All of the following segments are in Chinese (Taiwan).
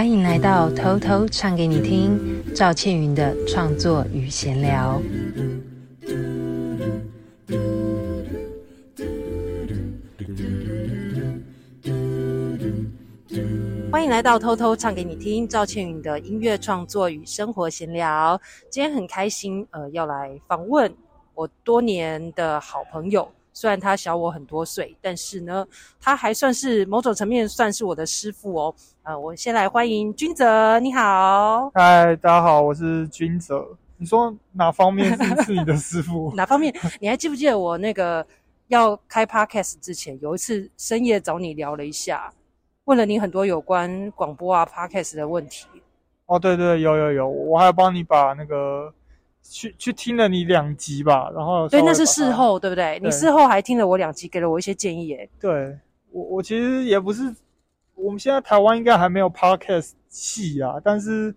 歡迎來到偷偷唱給你聽趙倩雲的創作與閒聊。歡迎來到偷偷唱給你聽趙倩雲的音樂創作與生活閒聊。今天很開心，呃，要來訪問我多年的好朋友。雖然他小我很多歲，但是呢，他還算是某種層面算是我的師傅哦。我先來歡迎君澤，你好，嗨，大家好，我是君澤。你說哪方面是， 是你的師父？哪方面？你還記不記得我那個要開 podcast 之前，有一次深夜找你聊了一下，問了你很多有關廣播啊 podcast 的問題。哦，對對，有有有，我還幫你把那個去去聽了你兩集吧，然後對，那是事後，對不對？對你事後還聽了我兩集，給了我一些建議耶，對我我其實也不是。我們現在台灣應該還沒有 podcast 系啊，但是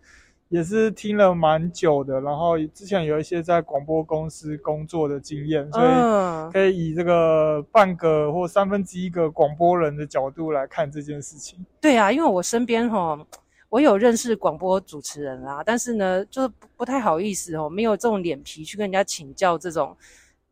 也是聽了蠻久的。然後之前有一些在廣播公司工作的經驗，嗯、所以可以以這個半個或三分之一個廣播人的角度來看這件事情。對啊，因為我身邊哈、哦，我有認識廣播主持人啦，但是呢，就是不不太好意思哦，沒有這種臉皮去跟人家請教這種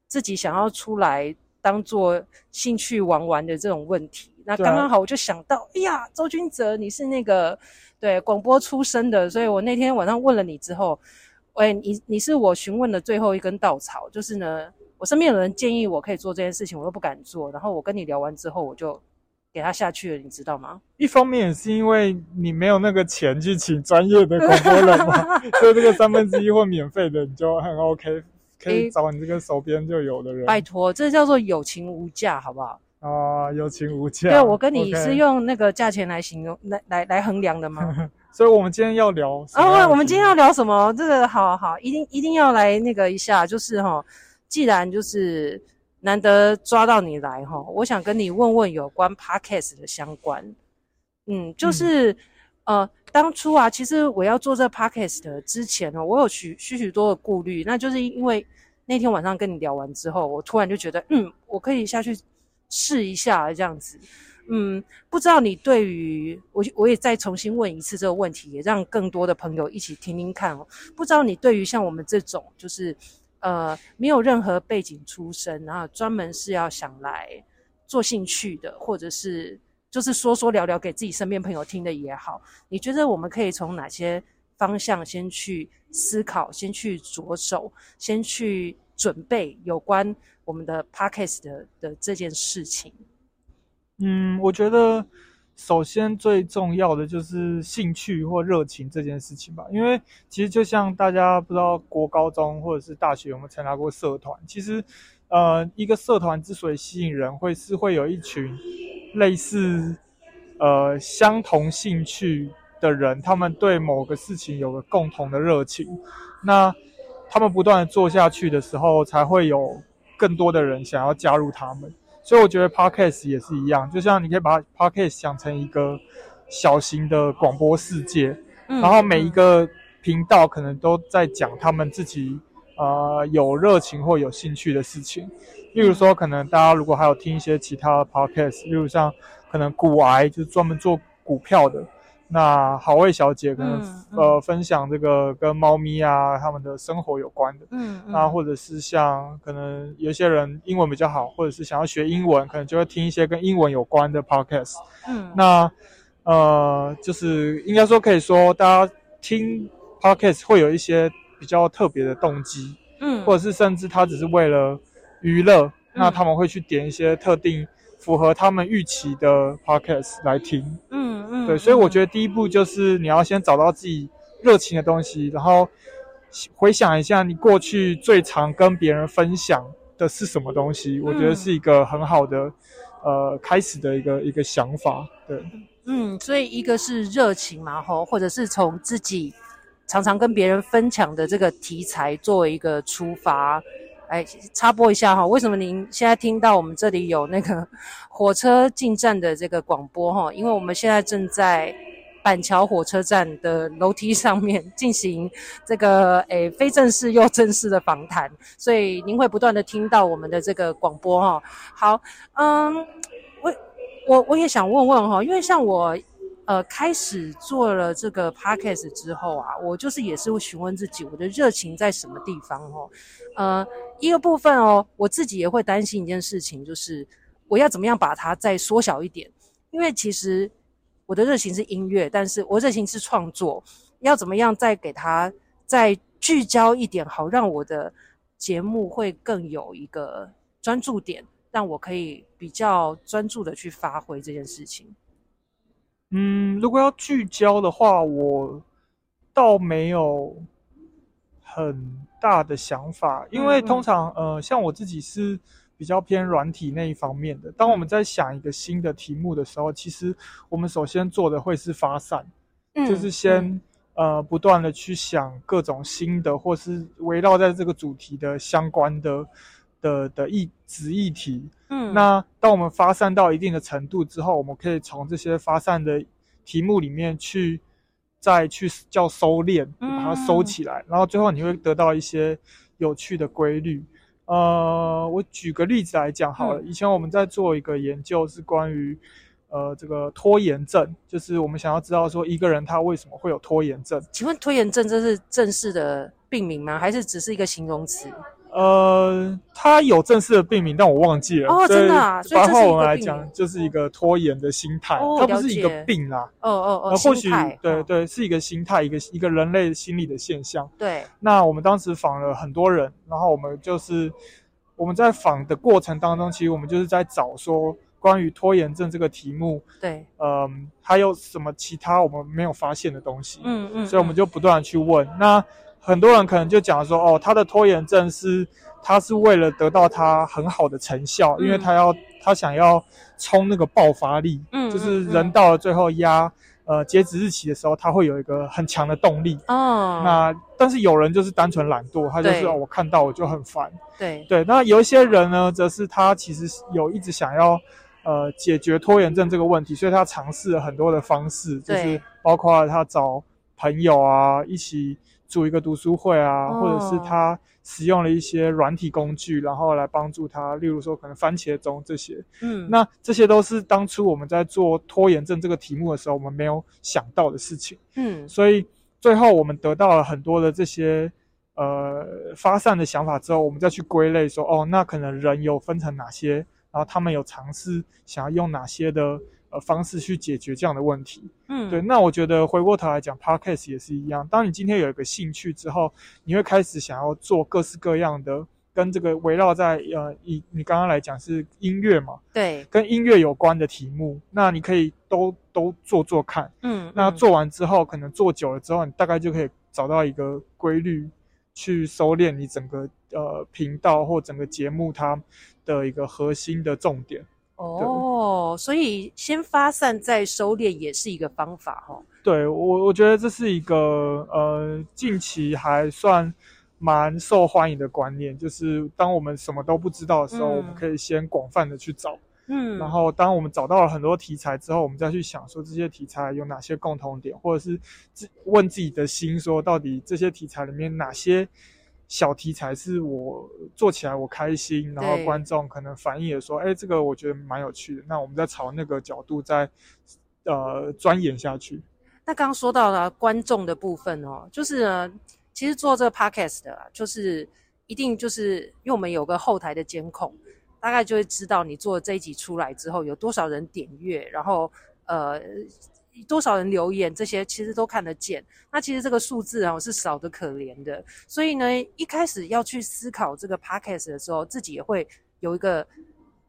自己想要出來當做興趣玩玩的這種問題。那剛剛好，我就想到，啊、哎呀，周均澤，你是那個對廣播出身的，所以我那天晚上問了你之後，哎，你你是我詢問的最後一根稻草，就是呢，我身邊有人建議我可以做這件事情，我又不敢做，然後我跟你聊完之後，我就給他下去了，你知道嗎？一方面也是因為你沒有那個錢去請專業的廣播人嘛， 所以這個三分之一或免費的你就很 OK，可以找你這個手邊就有的人。哎、拜托，這叫做友情無價，好不好？啊，友、uh, 情無價。對，我跟你是用那個價錢來形容、來、Okay. 來、來衡量的嗎？ 所以，我們今天要聊啊，oh, yeah, 我們今天要聊什麼？這個好好，一定一定要來那個一下，就是哈、哦，既然就是難得抓到你來哈、哦，我想跟你問問有關 podcast 的相關。嗯，就是、嗯、呃，當初啊，其實我要做這 podcast 的之前呢，我有許許許多的顧慮，那就是因為那天晚上跟你聊完之後，我突然就覺得，嗯，我可以下去。試一下這樣子，嗯，不知道你對於我，我也再重新問一次這個問題，也讓更多的朋友一起聽聽看哦。不知道你對於像我們這種，就是，呃，沒有任何背景出身，然後專門是要想來做興趣的，或者是，就是說說聊聊給自己身邊朋友聽的也好，你覺得我們可以從哪些方向先去思考，先去着手，先去準備有關。我們的 podcast 的的這件事情，嗯，我覺得首先最重要的就是興趣或熱情這件事情吧。因為其實就像大家不知道國高中或者是大學有沒有參加過社團，其實呃，一個社團之所以吸引人會，會是會有一群類似呃相同興趣的人，他們對某個事情有個共同的熱情，那他們不斷的做下去的時候，才會有。更多的人想要加入他們，所以我覺得 podcast 也是一樣。就像你可以把 podcast 想成一個小型的廣播世界，嗯，然後每一個頻道可能都在講他們自己呃有熱情或有興趣的事情。例如說，可能大家如果還有聽一些其他的 podcast，例如像可能股癌就是專門做股票的。那好味小姐可能呃分享，這個跟貓咪啊他們的生活有關的嗯，嗯，那或者是像可能有些人英文比較好，或者是想要學英文，可能就會聽一些跟英文有關的 podcast，嗯，嗯，那呃就是應該說，可以說大家聽 podcast 會有一些比較特別的動機，嗯，或者是甚至他只是為了娛樂，那他們會去點一些特定。符合他們預期的 podcast 來聽，嗯嗯，嗯對，所以我覺得第一步就是你要先找到自己熱情的東西，然後回想一下你過去最常跟別人分享的是什麼東西，嗯，我覺得是一個很好的，呃，開始的一個一個想法。對，嗯，所以一個是熱情嘛，吼，或者是從自己常常跟別人分享的這個題材作為一個出發。哎，插播一下哈，為什麼您現在聽到我們這裡有那個火車進站的這個廣播哈？因為我們現在正在板橋火車站的樓梯上面進行這個誒非正式又正式的訪談，所以您會不斷的聽到我們的這個廣播哈。好，嗯，我我我也想問問哈，因為像我呃開始做了這個 podcast 之後啊，我就是也是會詢問自己，我的熱情在什麼地方哈，呃。一個部分哦，我自己也會擔心一件事情，就是我要怎麼樣把它再縮小一點，因為其實我的熱情是音樂，但是我的熱情是創作，要怎麼樣再給它再聚焦一點，好讓我的節目會更有一個專注點，讓我可以比較專注的去發揮這件事情。嗯，如果要聚焦的話，我倒沒有很。大的想法，因為通常，嗯嗯呃，像我自己是比較偏軟體那一方面的。當我們在想一個新的題目的時候，嗯、其實我們首先做的會是發散，嗯嗯就是先呃不斷的去想各種新的，或是圍繞在這個主題的相關的的的議議題。嗯，那當我們發散到一定的程度之後，我們可以從這些發散的題目裡面去。再去叫收斂，把它收起來，嗯、然後最後你會得到一些有趣的規律。呃，我舉個例子來講好了。嗯、以前我們在做一個研究，是關於呃這個拖延症，就是我們想要知道說一個人他為什麼會有拖延症。請問拖延症，這是正式的病名嗎？還是只是一個形容詞？呃，他有正式的病名，但我忘記了。哦，真的。所以，白話文來講，就是一個拖延的心態。他它不是一個病啦。哦哦哦。心態。對對，是一個心態，一個一個人類心理的現象。對。那我們當時訪了很多人，然後我們就是我們在訪的過程當中，其實我們就是在找說關於拖延症這個題目。對。嗯，還有什麼其他我們沒有發現的東西？嗯嗯。所以我們就不斷的去問。那。很多人可能就講說，哦，他的拖延症是，他是為了得到他很好的成效，嗯、因為他要他想要衝那個爆發力，嗯，就是人到了最後壓、嗯、呃截止日期的時候，他會有一個很強的動力哦。那但是有人就是單純懶惰，他就是對哦，我看到我就很煩，對對。那有一些人呢，則是他其實有一直想要呃解決拖延症這個問題，嗯、所以他嘗試了很多的方式，對就是包括他找朋友啊一起。組一個讀書會啊，或者是他使用了一些軟體工具，哦、然後來幫助他，例如說可能番茄鐘這些。嗯，那這些都是當初我們在做拖延症這個題目的時候，我們沒有想到的事情。嗯，所以最後我們得到了很多的這些呃發散的想法之後，我們再去歸類說，哦，那可能人有分成哪些，然後他們有嘗試想要用哪些的。呃，方式去解決這樣的問題，嗯，對。那我覺得回過頭來講，Podcast 也是一樣。當你今天有一個興趣之後，你會開始想要做各式各樣的跟這個圍繞在呃，以你剛剛來講是音樂嘛，對，跟音樂有關的題目，那你可以都都做做看，嗯，嗯。那做完之後，可能做久了之後，你大概就可以找到一個規律去收斂你整個呃頻道或整個節目它的一個核心的重點。哦，oh, 對，所以先發散再收斂也是一個方法吼，對，我我覺得這是一個呃近期還算蠻受歡迎的觀念，就是當我們什麼都不知道的時候，嗯，我們可以先廣泛的去找，嗯，然後當我們找到了很多題材之後，我們再去想說這些題材有哪些共同點，或者是自問自己的心說，到底這些題材裡面哪些小題材是我做起來我開心，對然後觀眾可能反應也說，哎，這個我覺得蠻有趣的。那我們再朝那個角度再，呃，鑽研下去。那剛剛說到了觀眾的部分哦，就是呢其實做這個 podcast 的，就是一定就是因為我們有個後台的監控，大概就會知道你做這一集出來之後有多少人點閱，然後呃。多少人留言，這些其實都看得見。那其實這個數字啊、哦、是少得可憐的。所以呢，一開始要去思考這個 podcast 的時候，自己也會有一個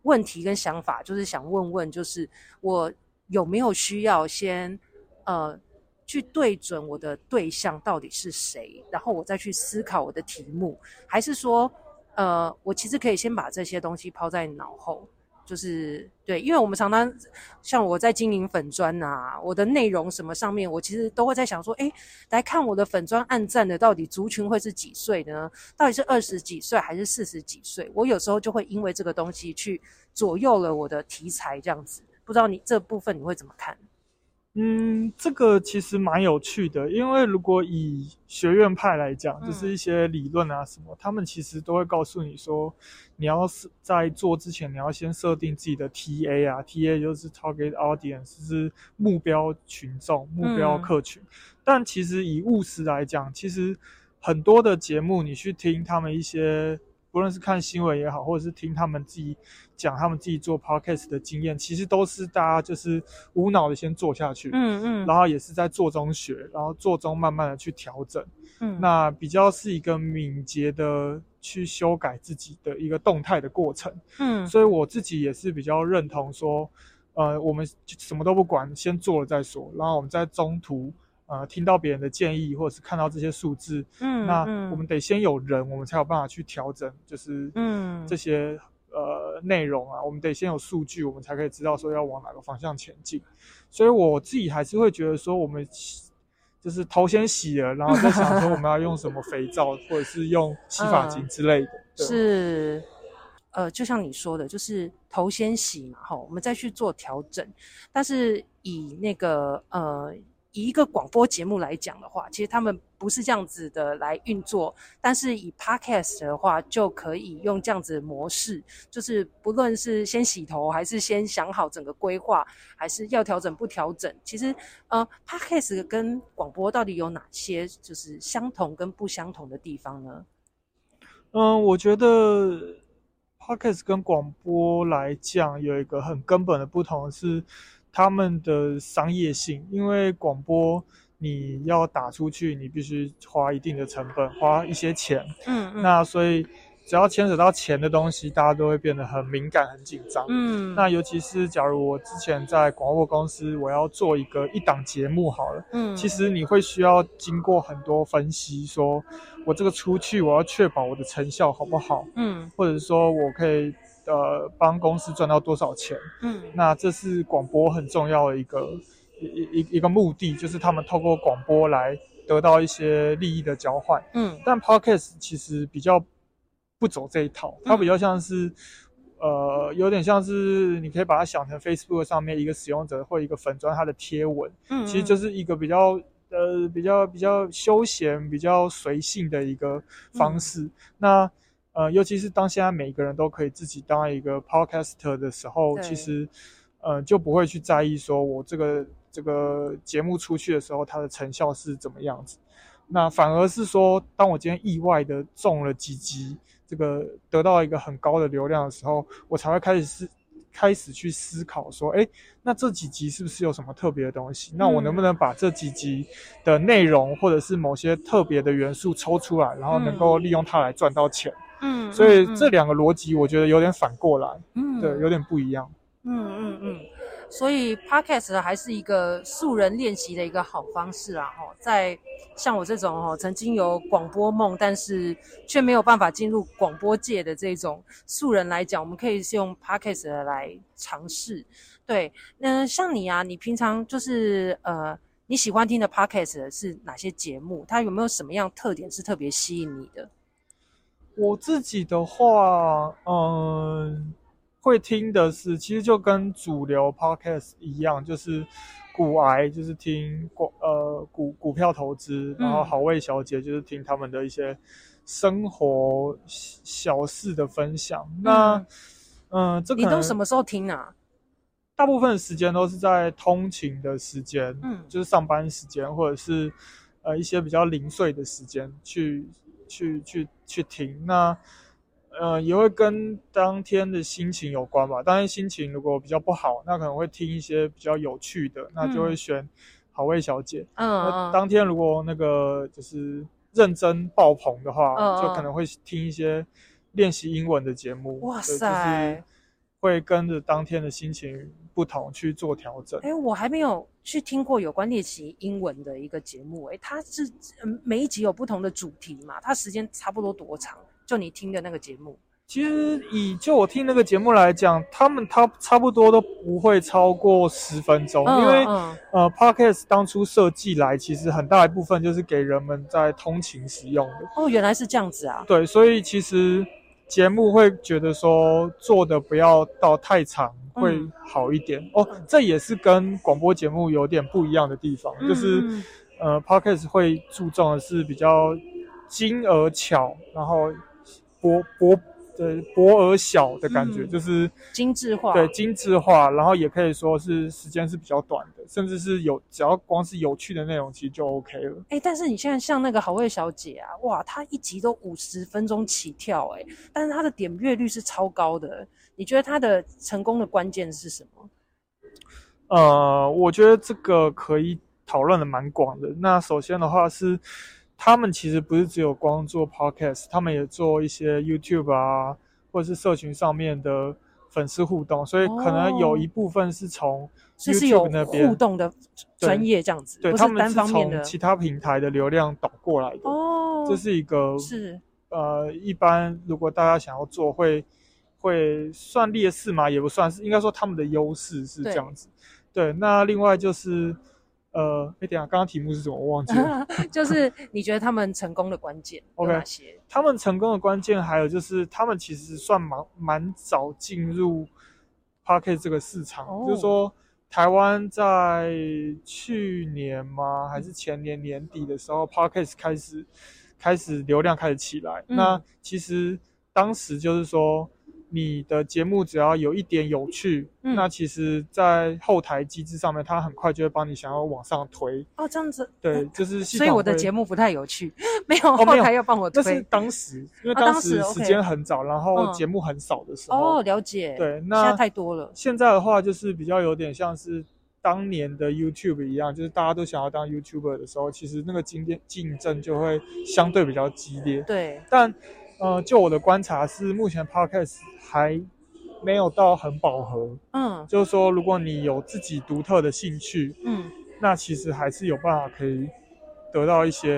問題跟想法，就是想問問，就是我有沒有需要先呃去對準我的對象到底是誰，然後我再去思考我的題目，還是說呃我其實可以先把這些東西拋在腦後。就是對，因為我們常常像我在經營粉專啊，我的內容什麼上面，我其實都會在想說，誒，來看我的粉專按讚的到底族群會是幾歲呢？到底是二十幾歲還是四十幾歲？我有時候就會因為這個東西去左右了我的題材，這樣子。不知道你這部分你會怎麼看？嗯，這個其實蠻有趣的，因為如果以學院派來講，就是一些理論啊什麼，嗯、他們其實都會告訴你說，你要是在做之前，你要先設定自己的 TA 啊、嗯、TA 就是 target audience，就是目標群眾、目標客群。嗯、但其實以務實來講，其實很多的節目，你去聽他們一些。不論是看新聞也好，或者是聽他們自己講他們自己做 podcast 的經驗，其實都是大家就是無腦的先做下去，嗯嗯，嗯，然後也是在做中學，然後做中慢慢的去調整，嗯，那比較是一個敏捷的去修改自己的一個動態的過程，嗯，所以我自己也是比較認同說，呃，我們就什麼都不管，先做了再說，然後我們在中途。呃，聽到別人的建議，或者是看到這些數字，嗯，嗯，那我們得先有人，我們才有辦法去調整，就是，嗯，這些呃內容啊，我們得先有數據，我們才可以知道說要往哪個方向前進。所以我自己還是會覺得說，我們洗就是頭先洗了，然後再想說我們要用什麼肥皂， 或者是用洗髮精之類的。嗯、對是，呃，就像你說的，就是頭先洗嘛，哈，我們再去做調整。但是以那個呃。以一個廣播節目來講的話，其實他們不是這樣子的來運作。但是以 Podcast 的話，就可以用這樣子的模式，就是不論是先洗頭，還是先想好整個規劃，還是要調整不調整。其實，呃，Podcast 跟廣播到底有哪些就是相同跟不相同的地方呢？嗯，我覺得 Podcast 跟廣播來講，有一個很根本的不同的是。他們的商業性，因為廣播你要打出去，你必須花一定的成本，花一些錢。嗯，嗯，那所以只要牽扯到錢的東西，大家都會變得很敏感、很緊張。嗯，那尤其是假如我之前在廣播公司，我要做一個一檔節目好了。嗯，其實你會需要經過很多分析說，說我這個出去，我要確保我的成效好不好？嗯，嗯，或者說我可以。呃，幫公司賺到多少錢？嗯，那這是廣播很重要的一個一一一個目的，就是他們透過廣播來得到一些利益的交換。嗯，但 Podcast 其實比較不走這一套，它比較像是、嗯、呃，有點像是你可以把它想成 Facebook 上面一個使用者或一個粉專它的貼文。嗯，嗯，其實就是一個比較呃，比較比較休閒、比較隨性的一個方式。嗯、那呃，尤其是當現在每個人都可以自己當一個 podcaster 的時候，對其實，呃，就不會去在意說我這個這個節目出去的時候，它的成效是怎麼樣子。那反而是說，當我今天意外的中了幾集，這個得到一個很高的流量的時候，我才會開始思開始去思考說，哎，那這幾集是不是有什麼特別的東西？那我能不能把這幾集的內容或者是某些特別的元素抽出來，然後能夠利用它來賺到錢？嗯嗯嗯，所以這兩個邏輯我覺得有點反過來，嗯，對，有點不一樣。嗯嗯嗯，所以 podcast 還是一個素人練習的一個好方式啊！齁，在像我這種齁曾經有廣播夢，但是卻沒有辦法進入廣播界的這種素人來講，我們可以是用 podcast 來嘗試。對，那像你啊，你平常就是呃你喜歡聽的 podcast 是哪些節目？它有沒有什麼樣特點是特別吸引你的？我自己的話，嗯，會聽的是，其實就跟主流 podcast 一樣，就是股癌，就是聽過，呃，股股票投資，嗯、然後好味小姐就是聽他們的一些生活小事的分享。嗯、那，嗯，這個你都什麼時候聽啊？大部分時間都是在通勤的時間，嗯，是嗯就是上班時間，或者是呃一些比較零碎的時間去去去。去去去聽那，呃也會跟當天的心情有關吧。當天心情如果比較不好，那可能會聽一些比較有趣的，嗯、那就會選好味小姐。嗯嗯。那當天如果那個就是認真爆棚的話，嗯嗯就可能會聽一些練習英文的節目。哇塞！會跟着當天的心情不同去做調整。誒，我還沒有去聽過有關獵奇英文的一個節目。誒，它是嗯，每一集有不同的主題嘛？它時間差不多多長？就你聽的那個節目？其實以就我聽那個節目來講，他們它差不多都不會超過十分鐘，因為呃，Podcast 當初設計來其實很大一部分就是給人們在通勤使用的。哦，原來是這樣子啊。對，所以其實。節目會覺得說做的不要到太長會好一點哦，嗯 oh，這也是跟廣播節目有點不一樣的地方，嗯、就是呃 podcast 會注重的是比較精而巧，然後博博。對薄而小的感覺，嗯、就是精緻化。對，精緻化，然後也可以說是時間是比較短的，甚至是有只要光是有趣的內容，其實就 OK 了。哎、欸，但是你現在像那個好味小姐啊，哇，她一集都五十分鐘起跳，欸、哎，但是她的點閱率是超高的。你覺得她的成功的關鍵是什麼？呃，我覺得這個可以討論的蠻廣的。那首先的話是。他們其實不是只有光做 podcast，他們也做一些 YouTube 啊，或者是社群上面的粉絲互動，所以可能有一部分是從 YouTube 那邊、哦、互動的專業這樣子，對，是對他們是從其他平台的流量導過來的，哦、這是一個是呃，一般如果大家想要做會，會會算劣勢嘛？也不算是，應該說他們的優勢是這樣子。對，對，那另外就是。呃，哎、欸，等一下，剛剛題目是什麼？我忘記了。 就是你覺得他們成功的關鍵有哪些？OK，他們成功的關鍵還有就是，他們其實算蠻蠻早進入 Podcast 這個市場。哦、就是說，台灣在去年嗎？還是前年年底的時候、嗯、，Podcast 開始開始流量開始起來。嗯、那其實當時就是說。你的節目只要有一點有趣，那其實，在後台機制上面，它很快就會幫你想要往上推。哦，這樣子。對，就是所以我的節目不太有趣，沒有後台要幫我推。那是當時，因為當時時間很早，然後節目很少的時候。哦，了解。對，那現在太多了。現在的話，就是比較有點像是當年的 YouTube 一樣，就是大家都想要當 YouTuber 的時候，其實那個競競爭就會相對比較激烈。對，但。呃、嗯，就我的觀察是，目前 podcast 還沒有到很飽和。嗯，就是說，如果你有自己獨特的興趣，嗯，那其實還是有辦法可以得到一些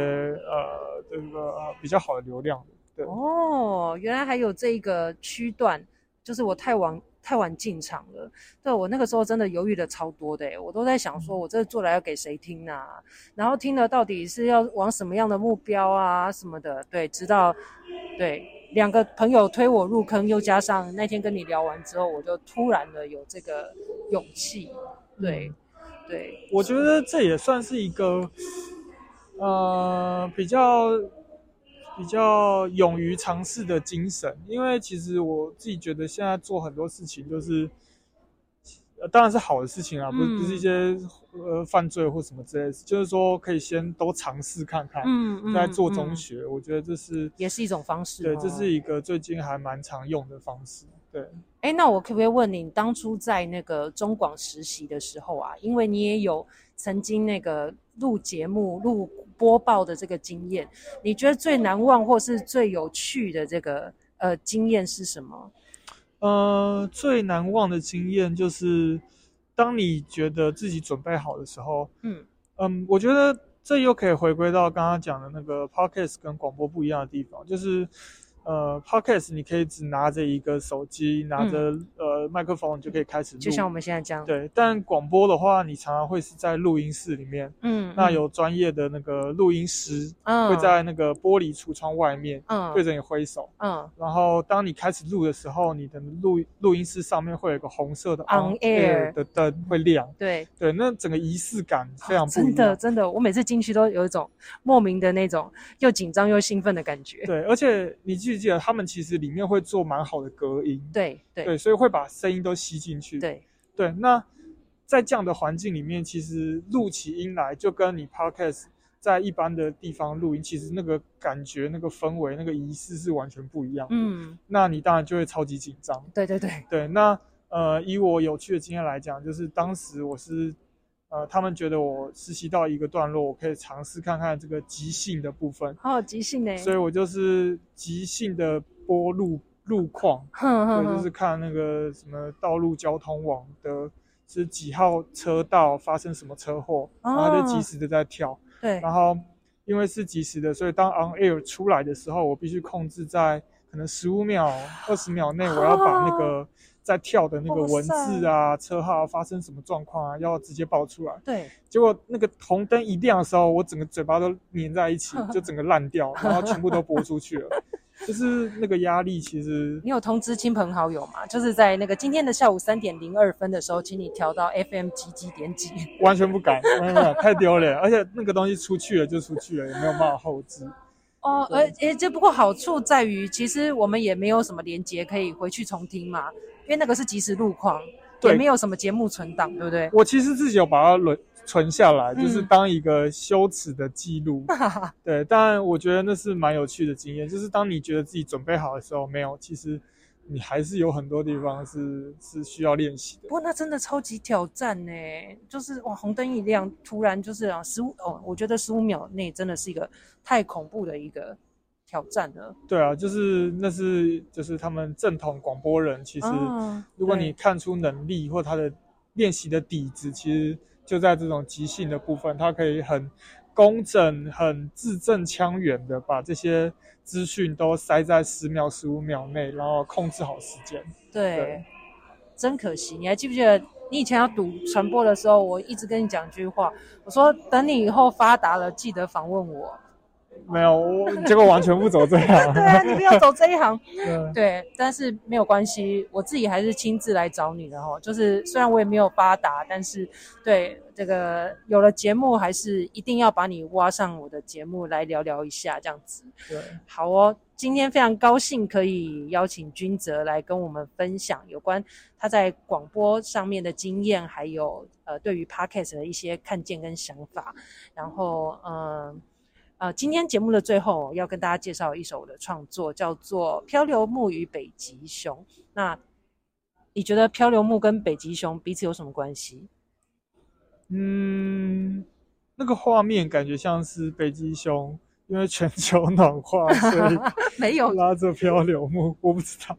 呃，這個比較好的流量。對。哦，原來還有這個區段，就是我太往。太晚進場了。對我那個時候真的猶豫的超多的，欸，我都在想說，我這做來要給誰聽啊？然後聽了到底是要往什麼樣的目標啊什麼的，對，直到對兩個朋友推我入坑，又加上那天跟你聊完之後，我就突然的有這個勇氣，對對，我覺得這也算是一個 呃比較。比較勇於嘗試的精神，因為其實我自己覺得現在做很多事情就是，當然是好的事情啊，不、嗯、不是一些呃犯罪或什麼之類的，就是說可以先都嘗試看看。嗯，嗯在做中學，嗯嗯、我覺得這是也是一種方式。對，這是一個最近還蠻常用的方式。對。哎、欸，那我可不可以問你，你當初在那個中廣實習的時候啊，因為你也有。曾經那個錄節目、錄播報的這個經驗，你覺得最難忘或是最有趣的這個呃經驗是什麼？呃，最難忘的經驗就是，當你覺得自己準備好的時候，嗯，嗯，我覺得這又可以回歸到剛剛講的那個 podcast 跟廣播不一樣的地方，就是。呃，podcast 你可以只拿着一個手機，拿着、嗯、呃麥克風你就可以開始，錄。就像我們現在這樣。對，但廣播的話，你常常會是在錄音室裡面，嗯，那有專業的那個錄音師，嗯，會在那個玻璃櫥窗外面，嗯，對着你揮手，嗯，然後當你開始錄的時候，你的錄錄音室上面會有一個紅色的 on air 的燈會亮，air，對，對，那整個儀式感非常棒、啊、真的真的，我每次進去都有一種莫名的那種又緊張又興奮的感覺，對，而且你記。他們其實裡面會做蠻好的隔音，對對，對，所以會把聲音都吸進去。對對，那在這樣的環境裡面，其實錄起音來就跟你 Podcast 在一般的地方錄音，其實那個感覺、那個氛圍、那個儀式是完全不一樣的。嗯，那你當然就會超級緊張。對對對對，對，那，呃，以我有趣的經驗來講，就是當時我是。呃，他們覺得我實習到一個段落，我可以嘗試看看這個即興的部分。哦，即興的。所以我就是即興的播路路況，呵呵呵就是看那個什麼道路交通網的，是幾號車道發生什麼車禍，哦、然後就及時的在跳。對。然後因為是及時的，所以當 on air 出來的時候，我必須控制在可能十五秒、二十秒內，我要把那個。哦在跳的那個文字啊，車號發生什麼狀況啊，要直接報出來。對，結果那個紅燈一亮的時候，我整個嘴巴都粘在一起，就整個爛掉，然後全部都播出去了。就是那個壓力。其實你有通知親朋好友嗎？就是在那個今天的下午三點零二分的時候，請你調到 FM 幾幾點幾。完全不敢，太丟臉，而且那個東西出去了就出去了，也沒有辦法後知。哦，而、呃、誒，只、欸、不過好處在於，其實我們也沒有什麼連接可以回去重聽嘛。因為那個是即時路況，對，也沒有什麼節目存檔，對不對？我其實自己有把它存存下來，嗯、就是當一個羞恥的記錄。 對，但我覺得那是蠻有趣的經驗，就是當你覺得自己準備好的時候，沒有，其實你還是有很多地方是是需要練習的。不過那真的超級挑戰呢、欸，就是哇，紅燈一亮，突然就是啊，十五哦，我覺得十五秒內真的是一個太恐怖的一個。挑戰的。對啊，就是那是就是他們正統廣播人，其實如果你看出能力或他的練習的底子，啊、其實就在這種即興的部分，他可以很工整、很字正腔圓的把這些資訊都塞在十秒、十五秒內，然後控制好時間。對，對真可惜。你還記不記得你以前要讀傳播的時候，我一直跟你講句話，我說等你以後發達了，記得訪問我。 沒有，我結果我完全不走這一行 對啊，你不要走這一行。對，對，但是沒有關係，我自己還是親自來找你的哦。就是雖然我也沒有發達，但是對這個有了節目，還是一定要把你挖上我的節目來聊聊一下這樣子。對，好哦，今天非常高興可以邀請均澤來跟我們分享有關他在廣播上面的經驗，還有呃對於 Podcast 的一些看見跟想法。然後嗯。啊、呃，今天節目的最後、哦、要跟大家介紹一首我的創作，叫做《漂流木與北極熊》。那你覺得漂流木跟北極熊彼此有什麼關係？嗯，那個畫面感覺像是北極熊，因為全球暖化，所以沒有拉着漂流木， 有我不知道。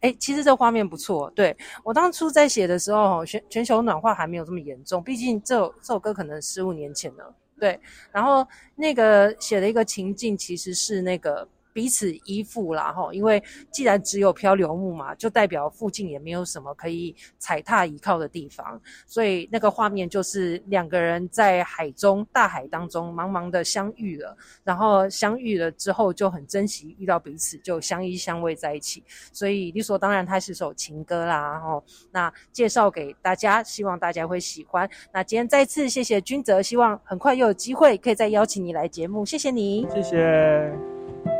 哎 欸，其實這畫面不錯。對，我當初在寫的時候，全全球暖化還沒有這麼嚴重，畢竟這首這首歌可能十五年前了。對，然後那個寫的一個情境，其實是那個。彼此依附啦，吼！因為既然只有漂流木嘛，就代表附近也沒有什麼可以踩踏依靠的地方，所以那個畫面就是兩個人在海中、大海當中茫茫的相遇了。然後相遇了之後就很珍惜遇到彼此，就相依相偎在一起。所以理所當然，它是首情歌啦，吼！那介紹給大家，希望大家會喜歡。那今天再次謝謝均澤，希望很快又有機會可以再邀請你來節目，謝謝你。謝謝。